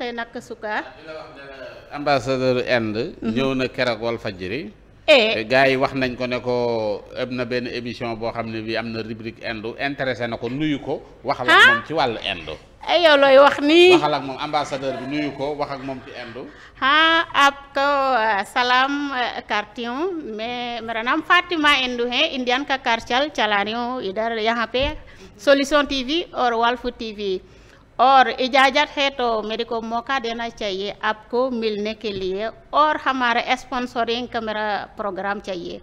tey nag sukaa ambassadeur Inde mhm. ñëw na keroog Walfadjri e eh, gars yi wax nañ ko ne ko am na benn émission boo xam ne bi am na rubrique Inde intéressé na ko nuyu ko waxal ak moom ci wàll Inde ay e looy wax nii waxal ak moom ambassadeur bi nuyu ko wax ak moom ci Inde ha ab ko euh, salam kartion euh, mais मेरा नाम फातिमा इंदू है इंडियन का कार्चल चला रही हूँ इधर यहाँ पे सोल्यूशन टीवी और वालफू और इजाज़त है तो मेरे को मौका देना चाहिए आपको मिलने के लिए और हमारा स्पॉन्सरिंग का मेरा प्रोग्राम चाहिए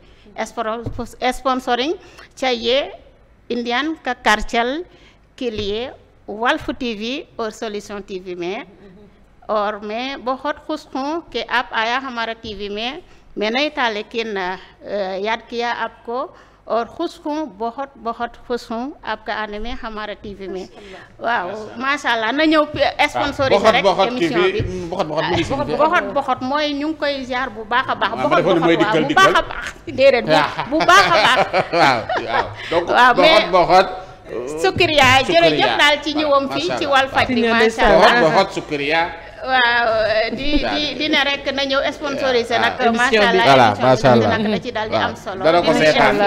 स्पॉन्सरिंग चाहिए इंडियन का कार्चल के लिए वल्फ टीवी और सोल्यूशन टीवी में और मैं बहुत खुश हूँ कि आप आया हमारा टीवी में मैं नहीं था लेकिन याद किया आपको और खुश हूँ बहुत बहुत खुश हूँ आपका आने में हमारा टीवी में waaw macha allah na ñëw sponsorisé rek émission bi boxot boxot boxot mooy ñu ngi koy ziar bu baax a baax boxot boxot bu baax a baax déedéet bu baax a baax waaw mais boxot sukriya jërëjëf daal ci ñëwam fii ci Walfadjri macha allah boxot boxot sukriya waaw eh, di di dina rek na ñëw sponsorisé nag ah, macha allah macha allah nag da ci daal di am solo dana ko seetaan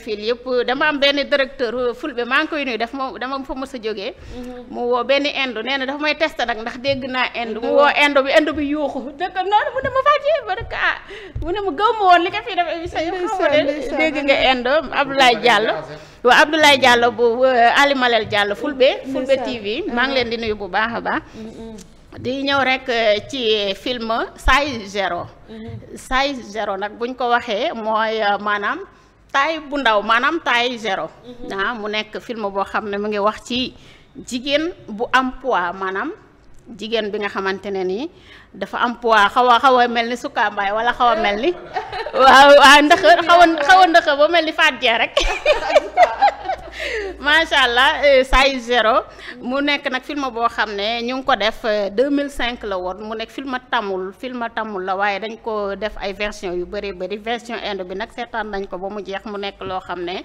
yëpp dama am benn directeur euh, Fulbe maa ngi koy nuyu daf moom dama fa mos a jógee mhm. mu woo benn indo nee na dafa may test nag ndax dégg naa indo mu woo indo bi indo bi yuuxu dëkk noonu mu ne ah, mu ne woon li ko fii def émission yi xaw ma dégg nga indo Abdoulaye Diallo waaw Abdoulaye Diallo bu euh, Ali Malel Diallo Fulbe Fulbe TV maa ngi leen di nuyu bu baax a baax mm-hmm. di ñëw rek euh, ci film Size Zero mm-hmm. Size Zero nag buñ ko waxee mooy euh, maanaam taay bu ndaw maanaam taay zéro mm-hmm. ah mu nekk film boo xam ne mu ngi wax ci jigéen bu am poids maanaam jigéen bi nga xamante ne nii dafa am poids xaw a mel ni sukkaambaay wala xaw a mel ni waaw waaw ndax xaw a xaw mel ni faat jee rek macha allah euh, size zero mu nekk nag film boo xam ne ñu ngi ko def 2005 euh, la woon mu nekk film tamul film tamul la waaye dañ ko def ay version yu bëree bëri version inde bi nag seetaan nañ ko ba mu jeex mu nekk loo xam ne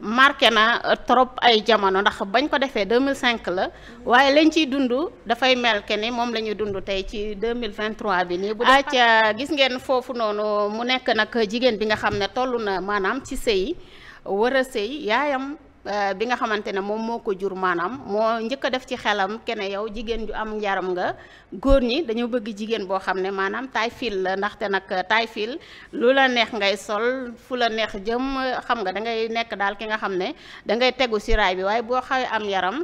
marqué na euh, trop ay jamono ndax bañ ko defee 2005 la waaye lañ ciy dund dafay mel ke ni moom la ñuy dund tey ci 2023 bi nii bu acca gis ngeen foofu noonu mu nekk nag jigéen bi nga xam ne toll na maanaam ci sëy war a sëy yaayam Euh, bi nga xamante ne moom moo ko jur maanaam moo njëkk a def ci xelam kene yow jigéen ju am njaram nga góor ñi dañoo bëgg jigéen boo xam ne maanaam taay fil la ndaxte nag euh, taay fil lu la neex ngay sol fu la neex jëm xam nga da ngay nekk daal ki nga xam ne da ngay tegu siraay bi waaye boo xawee am yaram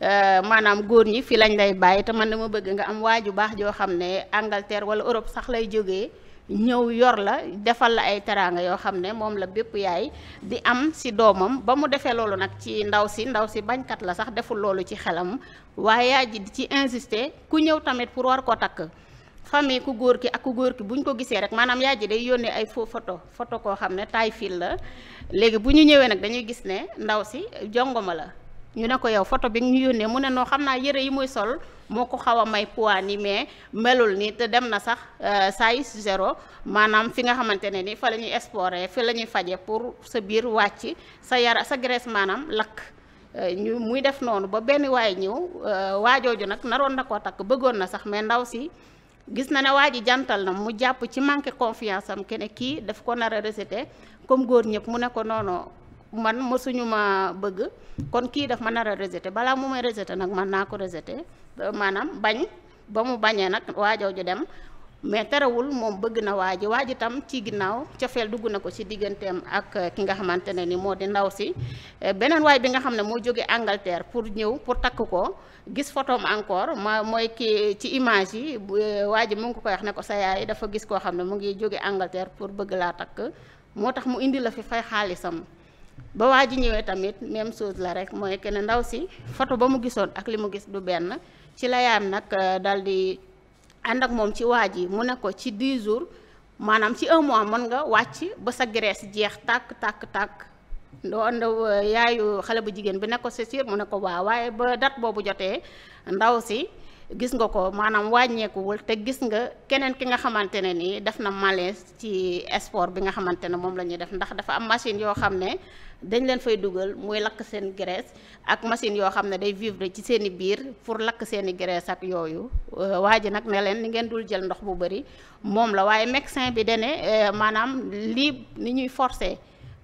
Uh, maanaam góor ñi fi lañ lay bàyyi te man dama bëgg nga am waa ju baax joo xam ne Angleterre wala Europe sax lay jógee ñëw yor la defal la ay teraanga yoo xam ne moom la bépp yaay di am si doomam ba mu defee loolu nag ci ndaw si ndaw si bañkat la sax deful loolu ci xelam waaye yaay ji di ci insister ku ñëw tamit pour war koo takk famille ku góor ki ak ku góor ki bu ñu ko gisee rek maanaam yaay ji day yónnee ay faux photo photo koo xam ne taille fil la léegi bu ñu ñëwee nag dañuy gis ne ndaw si jongoma la ñu ne ko yow foto bi ñu yónnee mu ne noo xam naa yëre yi muy sol moo ko xaw a may poids ni mais melul ni te dem na sax euh, size zéro maanaam fi nga xamante ne ni fa la ñuy exporé fi la ñuy faje pour sa biir wàcc sa yara sa graisse maanaam lakk euh, ñu muy def noonu ba benn waay ñëw euh, waajooju nag naroon na koo takk bëggoon na sax mais ndaw si gis na ne waa ji jantal na mu jàpp ci manqué confiance am kene kii daf ko nar a comme góor ñëpp mu ne ko noonu man ma suñu ma bëgg kon kii dafa ma nar a balaa mu may rejeté nag man naa ko rejeté maanaam bañ ba mu bañee nag waajoo ju dem mais terewul moom bëgg na waa ji waa ji ci ginnaaw cofeel dugg na ko ci digganteem ak eh, ki nga xamante ne nii moo di ndaw si eh, beneen waay bi nga xam ne moo jóge Angleterre pour ñëw pour takk ko gis photom encore ma mooy kii ci image yi eh, waa ji mu ngi ko koy ne ko sa yaay dafa gis koo xam ne mu ngi jóge Angleterre pour bëgg laa takk moo tax mu indi la fi fay xaalisam ba waa ji ñëwee tamit même chose la rek mooy que ne ndaw si photo ba mu gisoon ak li mu gis du benn ci la yaayam nag euh, dal di ànd ak moom ci waa ji mu ne ko ci 10 jours maanaam ci un mois mën nga wàcc ba sa graisse jeex tàkk tàkk tàkk ndoo ndaw euh, yaayu xale bu jigéen bi ne ko c'est mu ne ko waaw waaye ba date boobu jotee ndaw si gis nga ko maanaam wàññeekuwul te gis nga keneen ki nga xamante ne nii def na malaise ci sport bi nga xamante ne moom la ñuy def ndax dafa am machine yoo xam ne dañ leen fay dugal mooy lakk seen graisse ak machine yoo xam ne day vivre ci seen i biir pour lakk seen i graisse ak yooyu euh, waa ji nag ne leen li ngeen dul jël ndox bu bëri moom la waaye médecin bi dene euh, maanaam lii ni ñuy forcé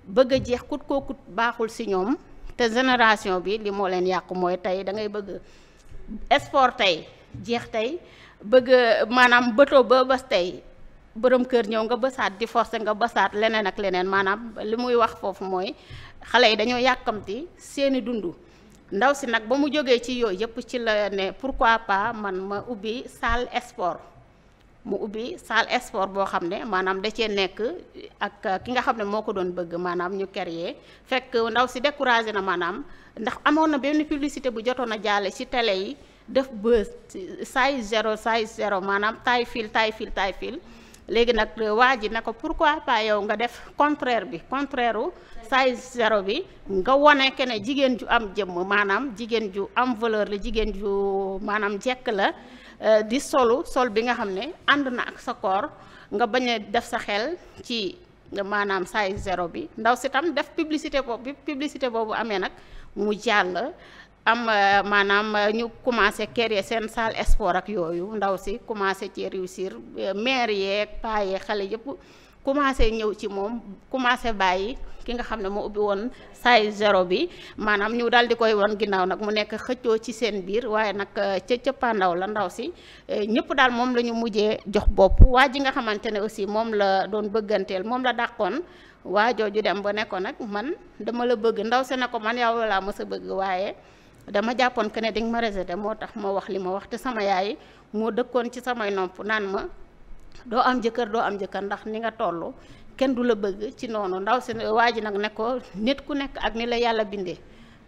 bëgg a jeex kut kookut baaxul si ñoom te génération bi li moo leen yàqu mooy tey da ngay bëgg sport tey jeex tey bëgg maanaam bëtoo ba bës tey borom kër ñëw nga bësaat di forcé nga bësaat leneen ak leneen maanaam li muy wax foofu mooy xale yi dañoo yàkkamti seeni dund ndaw si nag ba mu jógee ci yooyu yëpp ci la ne pourquoi pas man ma ubbi salle sport mu ubbi salle sport boo xam ne maanaam da cee nekk ak ki nga xam ne moo ko doon bëgg maanaam ñu créer fekk ndaw si découragé na maanaam ndax amoon na benn publicité bu jotoon a jaale ci télé yi def bës size zéro size zéro maanaam tay file taille file taille file léegi nag waa ji ne ko pourquoi pas yow nga def contraire bi contraire say size zéro bi nga wone ke jigéen ju am jëmm maanaam jigéen ju am valeur la jigéen ju maanaam jekk la Euh, di solu sol bi nga xam ne ànd na ak sa koor nga bañ a def sa xel ci maanaam size zéro bi ndaw si tam def publicité boobu publicité boobu amee nag mu jàll am euh, maanaam euh, ñu commencé créer seen salle sport ak yooyu ndaw si commencé ci réussir maire yee paa yeeg xale yëpp commencé ñëw ci moom commencé bàyyi. ki nga xam ne moo ubbi woon saay zéro bi maanaam ñu daal di koy won ginnaaw nag mu nekk xëccoo ci seen biir waaye nag euh, ca cëppaandaw la ndaw si euh, ñëpp daal moom la mujjee jox bopp waa ji nga xamante ne aussi moom la doon bëgganteel moom la dàqoon waajoo jooju dem ba nekkoon nag man dama la bëgg ndaw si ne ko man yow laa mës a bëgg waaye dama jàppoon que ne dinga ma rejeté moo tax ma wax li ma wax te sama yaay moo dëkkoon ci samay nopp naan ma doo am jëkkër doo am jëkkër ndax ni nga toll kenn du la bëgg ci noonu ndaw si waa ji nag ne ko nit ku nekk ak ni la yàlla bindee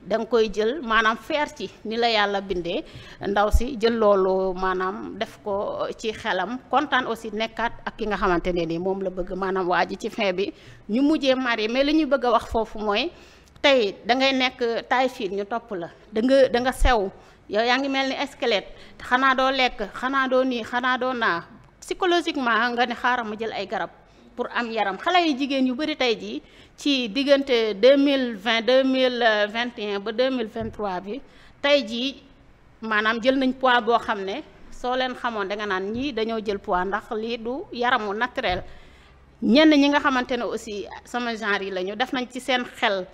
da nga koy jël maanaam feer ci ni la yàlla bindee ndaw si jël loolu maanaam def ko ci xelam kontaan aussi nekkaat ak ki nga xamante ne ni moom la bëgg maanaam waa ji ci fin bi ñu mujjee mari mais li ñuy bëgg a wax foofu mooy tey da ngay nekk taay fiir ñu topp la danga nga da nga sew yow yaa ngi mel ni squelette xanaa doo lekk xanaa doo nii xanaa doo naa psychologiquement nga ne xaaral ma jël ay garab. pour am yaram xale yu jigéen yu bëri tey jii ci diggante deux mille vingt deux mille vingt et ba deux mille vingt trois bi tey jii maanaam jël nañ poids boo xam ne soo leen xamoon da nga naan ñii dañoo jël pois ndax lii du yaramu naturel ñenn ñi nga xamante ne aussi sama genre yi la ñu def nañ ci seen xel.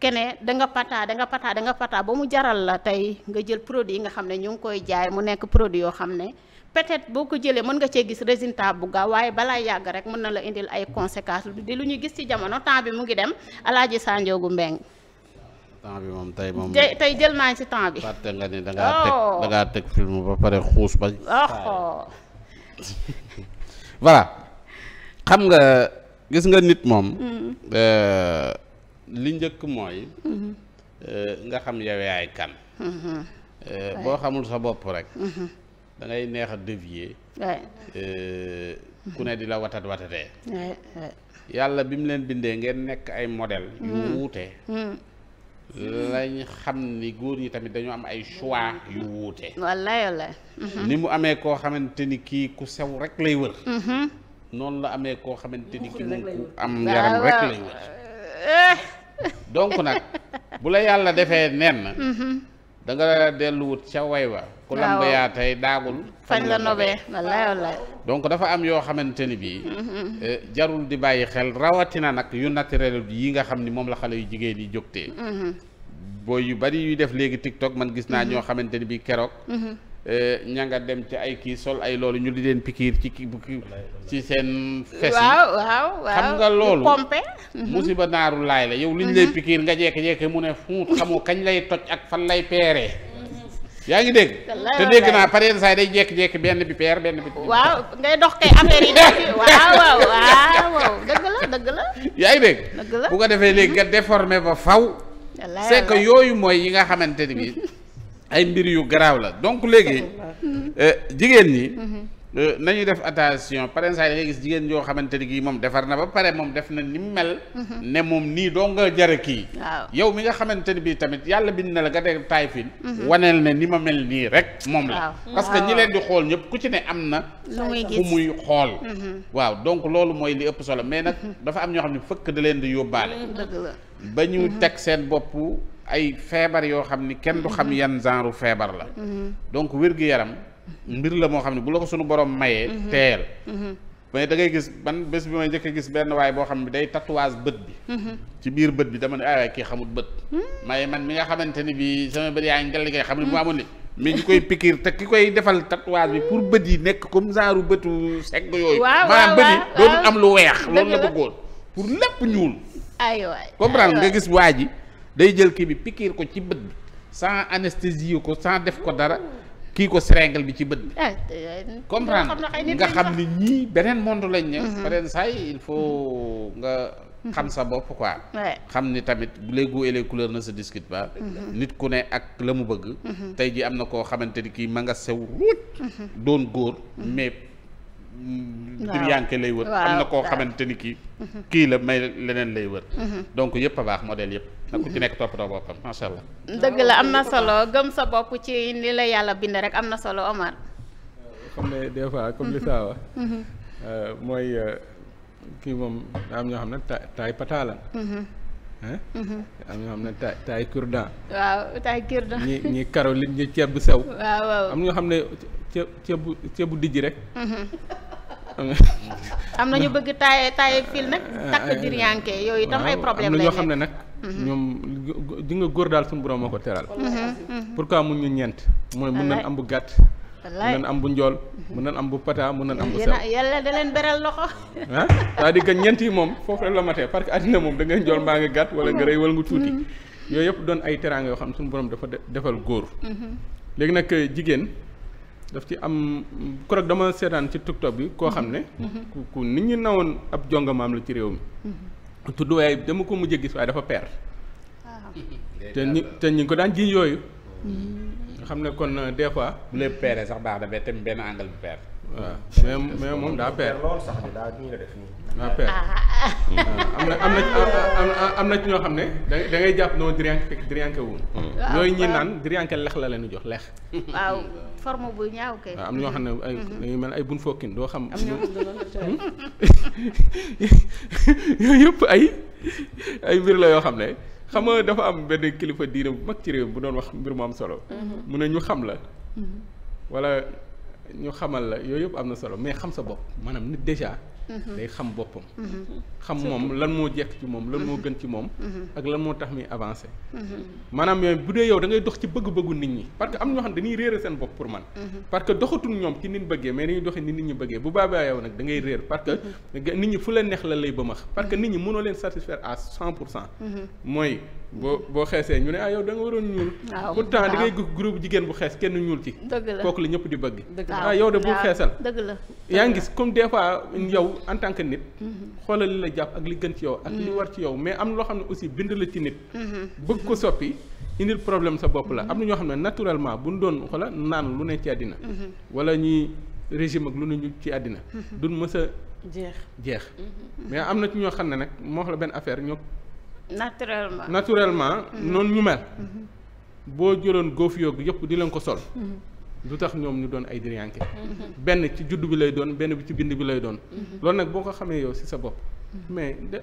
kene da nga pataa da nga pataa da nga pataa ba mu jaral la tey nga jël produit yi nga xam ne ñu ngi koy jaay mu nekk produit yoo xam ne peut-être boo ko jëlee mën nga cee gis résultat bu gaaw waaye balaa yàgg rek mën na la indil ay conséquences di lu ñu gis ci jamono temps bi mu ngi dem Alaaji Sanjoogu Mbeng temps bi moom tey moom tey jël naa ci temps bi. fàtte nga ni da ngaa teg oh. teg film ba pare xuus ba. Oh. voilà xam nga gis nga nit moom. Mm. Euh, li njëkk mooy. Mm-hmm. Euh, nga xam yow yaay kan. Mm-hmm. Euh, boo xamul sa bopp rek. Mm-hmm. da ngay neex a dévier. Euh, ku ne di la watat watatee. yàlla bi mu leen bindee ngeen nekk ay modèle yu hmm. wuute. Hmm. lañ xam ni góor ñi tamit dañu am ay choix yu wuute. wallaay wallaay. Hmm. ni mu amee koo xamante ni kii ku sew rek lay wër. noonu la amee koo xamante ni ki moom ku am yaram rek lay wër. donc nag bu la yàlla defee nen. da nga delluwut ca way wa ku lamb yaa tey daagul fañ la nobee wallaay wallaay donc dafa am yoo xamante ni bii mm-hmm. eh, jarul di bàyyi xel rawatina nag yu naturel yi nga xam ni moom la xale yu jigéen yi jógtee mm-hmm. booy yu bari yuy def léegi TikTok man gis naa mm-hmm. ñoo xamante ni bii keroog Eh, ña nga dem ci ay kii sol ay loolu ñu di leen pikiir ci kii ci seen fes waaw xam nga loolu pompe mhm. musiba naaru laay la yow liñ ñu lay mhm. pikiir nga jekke-jekke mu ne fuut xamoo kañ lay toj ak fan lay peeree yaa ngi dégg te dégg naa pareen saay day jekki-jekki benn bi peer benn bi waaw ngay dox kay affaire yi waaw waaw waaw dëgg la dëgg la yaa ngi dégg dëgg bu ko defee léegi nga déformé ba faw c'est yooyu mooy yi nga xamante ni bi ay mbir yu garaaw la donc léegi euh, jigéen ñi mm-hmm. Euh, nañu def attention parents saa yi da ngay gis jigéen yoo xamante ni moom defar na ba pare moom def na ni mel. Mhm. ne moom nii doo nga jëre kii. yow mi nga xamante ni bii tamit yàlla bind na la nga def taay mhm. waneel ne ni ma mel nii rek. moom la parce que ñi leen di xool ñëpp ku ci ne am na. ku muy xool. Mhm. waaw donc loolu mooy li ëpp solo mais nag dafa am ñoo xam ni fëkk da leen di yóbbaale. ba ñu teg seen boppu ay feebar yoo xam ni kenn du xam yan genre feebar la. mbir la moo xam ne bu la ko suñu borom maye mhm. mhm. teel mhm. mais dangay gis man bés bi may njëkk gis benn waay boo xam ne day tatouage bët bi ci biir bët bi dama ne ay ah, waay kii xamul bët hmm. may man mi nga xamante ni bi sama bët yaa ngi ngelligee xam ne bu ma amoon li mais koy pikiir te ki koy defal tatouage bi pour bët yi nekk comme genre bëtu segg yooyu maanaam bët yi dootul am lu weex loolu la bëggoon pour lépp ñuul aywa comprendre nga gis waa ji day jël kii bi pikiir ko ci bët bi sans anesthésie ko sans def ko dara hmm. kii ko seringal bi ci bët bi ah, comprendre nga xam ni ñii beneen monde lañ ne beneen mhm. saay il faut nga xam sa bopp quoi xam ni tamit les goûts et les couleurs ne se mhm. nit ku ne ak la mu bëgg mhm. tey ji am na koo xamante ni kii ma nga sew ruuj doon góor mais ngir yànke lay wër am na koo xamante ni kii kii la may leneen lay wër mhm. donc yëpp a baax modèle yëpp na ku ci nekk toppatoo boppam macha allah dëgg la am na solo gëm sa bopp ci li la yàlla bind rek am na solo Omar xam ne des fois comme li mhm. saa wax mhm. euh, mooy euh, kii moom am ñoo xam ne taay taay pataalan am ñoo xam ne taay taay kurdan waaw taay kurdan ñi ñi karoline ñi ceeb bu sew waaw waaw am ñoo xam ne ceeb ceeb bu dijj rek am na ñu bëgg taaye taaye fil nag. takk dir yanke yooyu itam problème lay nekk ñoo xam ne nag. Mhm. ñoom di nga góor daal borom moo ko teral. Mhm, mhm. pourquoi mun ñu ñeent. mooy mun nañ am bu gàtt. wallaay mën nañ am bu njool mun nañ am bu pata mun na am bu sew yàlla da leen beral loxo ah c'est-à-dire que ñeent yi moom foofu rek la matee parce que àddina moom da ngay njool mbaa nga gàtt wala nga rëy wala nga tuuti yooyu yëpp doon ay teraanga yoo xam suñu borom dafa defal góor léegi nag jigéen daf ci am keroog dama seetaan ci tiktok bi koo xam ne. Mhm. ku ku nit ñi nawoon ab jongamaam la ci réew mi. Mhm. tudd waaye dama ko mujjee gis waaye dafa peer. Ah. te ñi te ñi ko daan jiñ yooyu. Mhm. nga xam ne kon euh, des fois. bu lépp peeree sax baax na mais tamit benn angle bu peer. waaw mais mais moom daa peer daa ñu nga def nii. daa ah. am na am na am na ci ñoo xam ne da ngay jàpp noo drianke fekk drianke wu. yooyu ñi naan drianke lex la leen jox lex. waaw forme bu ñaaw kay. waaw am na ñoo xam ne ay mm-hmm. dañuy mel ay bun fokkin doo xam. am hmm? yooyu yëpp ay ay mbir la yoo xam ne. xam dafa am benn kilifa diine bu mag ci réew bu doon wax mbir mu am solo. Mm-hmm. mu ne ñu xam la. Mm-hmm. wala. ñu xamal la yooyu yëpp am na solo mais xam sa bopp maanaam nit déjà. Mhm. day xam boppam. Mhm. xam moom lan moo jekk ci moom lan moo gën ci moom. Mhm. ak lan moo tax muy avancé. maanaam yooyu bu dee yow da dox ci bëgg-bëggu nit ñi parce que am na ñoo xam ne dañuy seen bopp pour man. parce que doxatul ñoom ci nit bëggee mais dañuy doxee nit ñi bëggee bu baabaa yow nag da ngay réer parce que nit ñi fu la neex la lay bëmax parce nit ñi mënoo leen satisfaire à cent pour cent mooy. boo boo xeesee ñu ne ah yow da nga waroon ñuul. waaw pourtant da ngay groupe jigéen bu xees kenn ñuul ci. dëgg la kooku ñëpp di bëgg. dëgg la ah yow de bu xeesal. dëgg yaa ngi gis comme des fois yow en tant que nit. Mm-hmm. xoolal li la jàpp ak li gën ci yow. ak li mm-hmm. war ci yow mais am loo xam ne aussi bind la ci nit. Mm-hmm. bëgg ko soppi. indil problème sa bopp la am na ñoo xam ne naturellement bu ñu doon xoola naan lu ne ci àddina wala ñuy régime ak lu ne ñu ci àddina duñ mës a jeex jeex mais am na ñoo xam ne nag moo xam la benn affaire ñoo naturellement naturellement mhm. noonu mu mel. Mhm. boo jëloon góof yoogu yëpp di leen ko sol. Mhm. du tax ñoom ñu doon ay diriyànke benn ci juddu bi lay doon benn bi ci bind bi lay doon. loolu nag boo ko xamee yow si sa bopp. mais de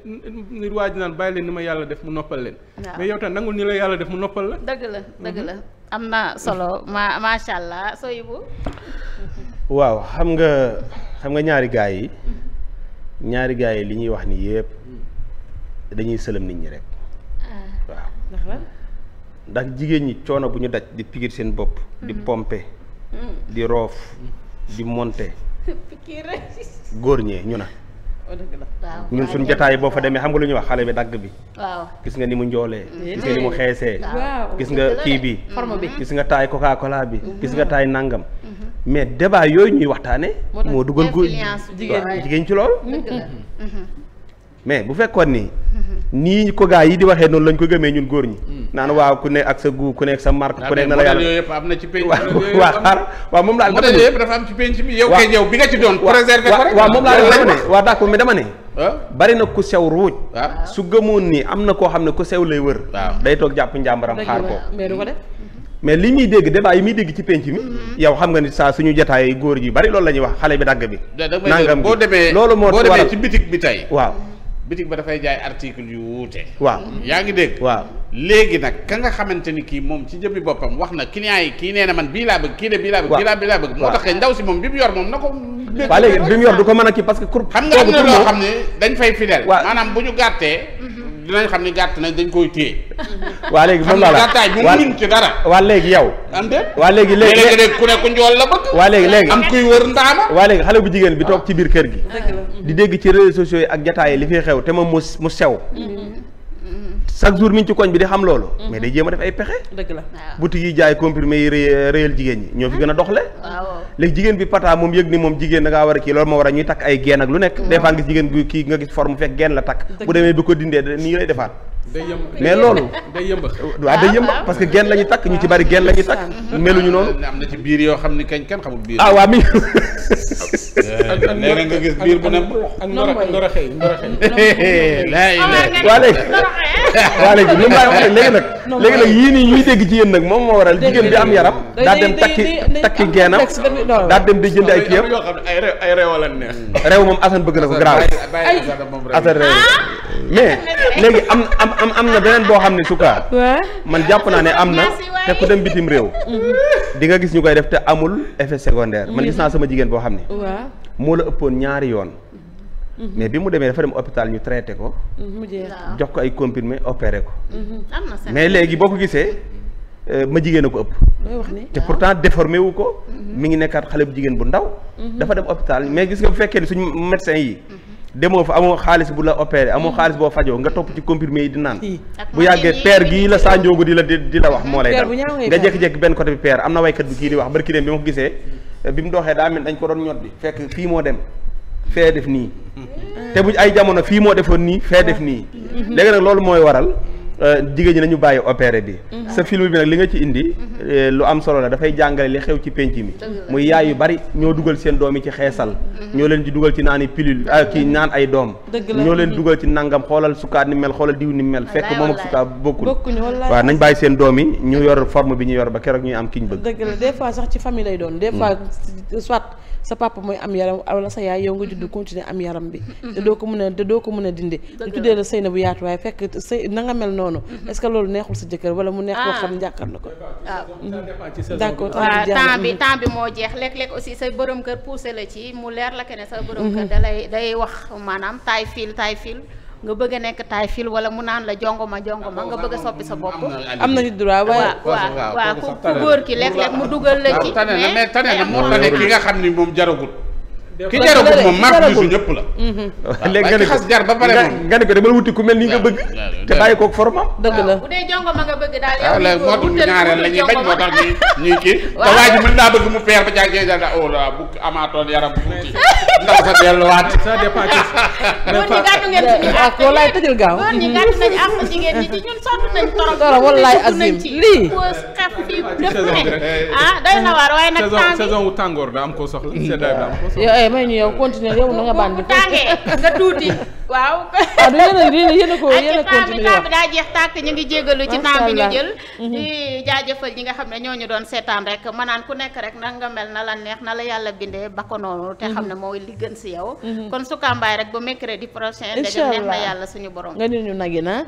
nit waa ji naan bàyyi leen ni ma yàlla def mu noppal leen. mais yow ni la yàlla def mu noppal la. dëgg la dëgg la am na solo ma macha allah Sohibou waaw xam nga xam nga ñaari gaay yi ñaari gaay yi li ñuy wax ni yëpp. dañuy sëlëm nit ñi rek. Ah. waaw ndax jigéen ñi coono bu ñu daj di pigir seen bopp. Mm-hmm. di pompe mm-hmm. di roof di monte góor ñee ñu na. Oh, ñun suñ jataay boo fa demee xam nga lu ñuy wax xale bi dagg bi waaw gis nga ni mu njoolee mm-hmm. gis nga ni mu xeesee gis nga kii bi gis nga taay coca bi gis nga taay nangam mais débat yooyu ñuy waxtaane moo dugal góor jigéen ci lool mais bu fekkoon ni. nii ko gaa yi di waxee noonu lañ ko gëmee ñun góor ñi. Hmm. naan waaw ku ne ak sa gu ku nekk sa marque ku nekk na la yàlla yooyu yëpp am na ci penc waaw moom laa yëpp dafa am ci bi yow kay bi nga ci doon préserver ko rek waaw moom laa dama ne waaw dama ne bari na ku sew ruuj su gëmoon ni am na koo xam ne ku sew lay wër day toog jàpp njàmbaram xaar ko mais li muy dégg débat yi muy dégg ci penc mi mm-hmm. yow xam nga ni saa suñu jotaay góor ji bari loolu la ñuy wax xale bi dagg bi nangam boo demee loolu moo boo demee ci bitik bi tey waaw bitig ba dafay jaay article yu wuute. waaw yaa ngi dégg. waaw léegi nag ka nga xamante ni kii moom ci jëmmi boppam wax na client yi kii nee na man bii laa bëgg kii de bii laa bëgg. bii laa bëgg moo tax ndaw si moom bi yor moom na ko. waaw léegi bi mu xam nga am na loo xam ne dañ fay fidèle. maanaam bu ñu gàttee. Mhm. dinañ xam ni gàtt nañ dañ koy téye. waa léegi moom la gàttaay bu mu ci dara. waa léegi yow. am déet waa léegi léegi ku ne ku njool la bëgg. waa léegi léegi am kuy wër ndaama. waa léegi xale bu jigéen bi toog ah. ci biir kër gi. di dégg ci réseaux sociaux yi ak jataay yi li fiy xew te moom mu mu sew. Mm-hmm. chaque jour mi ngi ci koñ bi di xam loolu. Mhm. mais day jéem a def ay pexe. dëgg yi jaay comprimé yi réyal jigéen ñi ñoo fi gën a doxle. waaw léegi jigéen bi pata moom yëg ni moom jigéen da war a kii loolu moo war a ñuy takk ay geen ak lu nekk. Mhm. des fois nga gis jigéen kii nga gis forme fekk geen la takk. bu demee bi ko dindee nii lay defaat. mais loolu day yëmba waaw day yëmba parce que genn la ñuy takk ñu ci bari genn la ñuy takk meluñu noonu am na ci biir yoo xam ni kañ kenn xamul biir ah waa mi nga gis biir bu ne ak ndoro xëy ndoro ah, xëy waa léegi waa léegi li mu laay wax léegi nag léegi nag yii nii ñuy dégg ci yéen nag moom moo waral jigéen bi am yaram daa dem takki takki geenam daa dem di jënd ay kiyam ay reew la neex moom Assane bëgg na ko garaaw Assane ah? mais léegi am am am am na beneen boo xam ne sukaa man jàpp naa ne am na te ku dem bitim réew mm-hmm. di nga gis ñu koy def te amul effet secondaire man gis naa mm-hmm. sama jigéen boo xam ne moo la ëppoon ñaari yoon mm-hmm. mais bi mu demee dafa dem hôpital ñu traité ko jox ko ay comprimé opéré ko mais léegi boo ko gisee euh, ma jigéen a ko ëpp te pourtant déformé wu ko mu ngi nekkaat xale bu jigéen bu ndaw dafa dem hôpital mais gis nga bu fekkee ni suñu médecin yi demoo fa amoo xaalis bu la opéré amoo xaalis boo fajoo nga topp ci comprimé yi di naan bu yàggee peer gii la gu di la di la wax moo lay dal nga jékki-jékki benn côté bi peer am na waykat bi kii di wax barki dem bi ma ko gisee bi mu doxee daa mel dañ ko doon ñot bi fekk fii moo dem fee def nii mm-hmm. te bu ay jamono fii moo defoon nii fee def nii mm-hmm. léegi nag loolu mooy waral Euh, jigéen ñi nañu bàyyi opéré bi mhm. sa film bi nag li nga ci indi mhm. euh, lu am solo la dafay jàngale li xew ci pénc mi muy yaay yu bari ñoo dugal seen doom yi ci xeesal mhm. ñoo leen di dugal ci naani pilule kii ah, naan ay doom ñoo leen dugal ci nangam xoolal sukkaat ni mel xoolal diw ni mel fekk moom ak sukkaat bokkul waaw nañ bàyyi seen doom yi ñu yor forme bi ñu yor ba keroog ñu am kiñ bëgg dëgg la des fois sax ci famille lay doon des fois mm. sa papa mooy am yaram wala sa yaay yow nga judd continuer am yaram bi te doo ko mën a te doo ko mën a dindi ñu tuddee la sëy na bu yaatu waaye fekk sëy nanga nga mel noonu mm-hmm. est que loolu neexul sa jëkkër wala mu neex koo ah. xam njàkkaar na ko waaw d' accord waaw temps bi mm-hmm. temps bi moo jeex léeg-léeg aussi sa borom kër poussé la ci mu leer la kene sa borom kër mm-hmm. da lay day wax maanaam taay fil taay fil nga bëgg a nekk taay fil wala mu naan la jongoma jongoma nga bëgg a soppi sa bopp. am na du droit waaye. waa waaw ku góor ki léeg-léeg mu dugal la ci. mais tane na moo tane ki nga xam ni moom jaragul. ki jaru ko moom marque bisu ñëpp la. waaw léegi nga ne ko xas jar ba pare moom nga ne ko demal wuti ku mel ni nga bëgg. te bàyyi koog formam. dëgg la bu dee jongo ma nga bëgg daal ah, yow. moo tax ñaareel la ñuy bañ moo tax ñuy ñuy kii. waaw te waa ji mën naa bëgg sa oh delluwaat. ça dépend ci. góor ñi gàddu ngeen ci ñun ak ah, walaay tëjal gaaw. góor ñi gàddu nañu am jigéen ñi ci ñun sonn nañ torop. torop walaay lii poos xef fii ne day ah, na waar waaye nag. saison saison wu tàngoor da am ko soxla seddaay da may ñu yow continuer yow na nga bànn bu tàngee nga tuuti waaw ah, du yéen a yéen a ko yéen a continuer temps bi daa jeex ci temps bi ñu jël mhm. di jaajëfal ñi nga xam ne ñoo ñu doon seetaan rek ma naan ku nekk rek na nga mel na la neex na la yàlla bindee ba ko noonu te mhm. xam ne mooy li gën si yow mhm. kon su kambaay rek ba mercredi prochain dajal neex na yàlla suñu borom nga ni ñu nag yi na